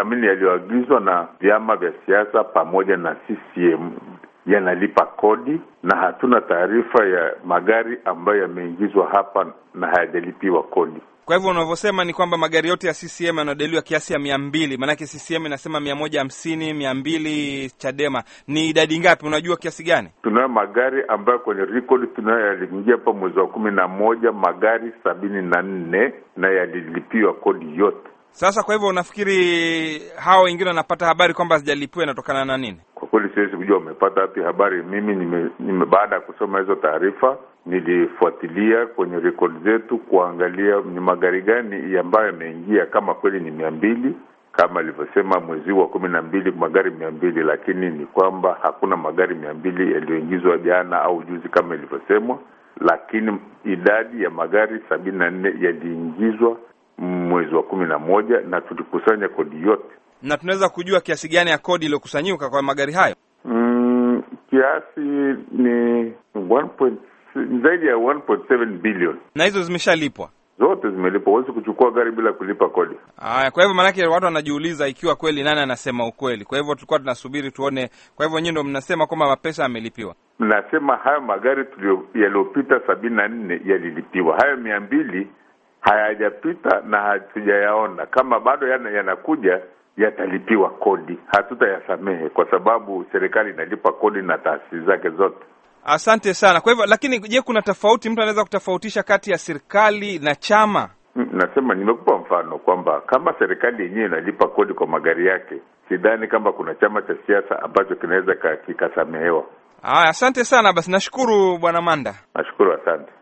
amini yaliyoagizwa na vyama vya siasa pamoja na CCM yanalipa kodi na hatuna taarifa ya magari ambayo yameingizwa hapa na hayajalipiwa kodi. Kwa hivyo unavyosema ni kwamba magari yote ya CCM yanadaiwa kiasi ya mia mbili. Maanake CCM inasema mia moja hamsini, mia mbili. Chadema ni idadi ngapi? Unajua kiasi gani? Tunayo magari ambayo kwenye record tunayo yaliingia hapa mwezi wa kumi na moja magari sabini na nne na yalilipiwa kodi yote. Sasa kwa hivyo unafikiri hawa wengine wanapata habari kwamba hazijalipiwa inatokana na nini? Kwa kweli siwezi kujua wamepata wapi habari. Mimi nime, nime baada ya kusoma hizo taarifa nilifuatilia kwenye rekodi zetu kuangalia ni magari gani ambayo yameingia, kama kweli ni mia mbili kama alivyosema mwezi wa kumi na mbili magari mia mbili lakini ni kwamba hakuna magari mia mbili yaliyoingizwa jana au juzi kama ilivyosemwa, lakini idadi ya magari sabini na nne yaliingizwa mwezi wa kumi na moja na tulikusanya kodi yote. Na tunaweza kujua kiasi gani ya kodi iliyokusanyika kwa magari hayo? Mm, kiasi ni zaidi ya 1.7 na hizo zimeshalipwa zote zimelipwa. Huwezi kuchukua gari bila kulipa kodi. Haya, kwa hivyo maanake watu wanajiuliza ikiwa kweli nani anasema ukweli. Kwa hivyo tulikuwa tunasubiri tuone. Kwa hivyo nyinyi ndo mnasema kwamba mapesa yamelipiwa? Mnasema hayo magari yaliyopita sabini na nne yalilipiwa, hayo mia mbili hayajapita na hatujayaona. Kama bado yana yanakuja, yatalipiwa kodi, hatutayasamehe kwa sababu serikali inalipa kodi na taasisi zake zote. Asante sana. Kwa hivyo, lakini je, kuna tofauti, mtu anaweza kutofautisha kati ya serikali na chama? Mm, nasema, nimekupa mfano kwamba kama serikali yenyewe inalipa kodi kwa magari yake, sidhani kama kuna chama cha siasa ambacho kinaweza kikasamehewa. Aya, asante sana. Basi nashukuru Bwana Manda, nashukuru, asante.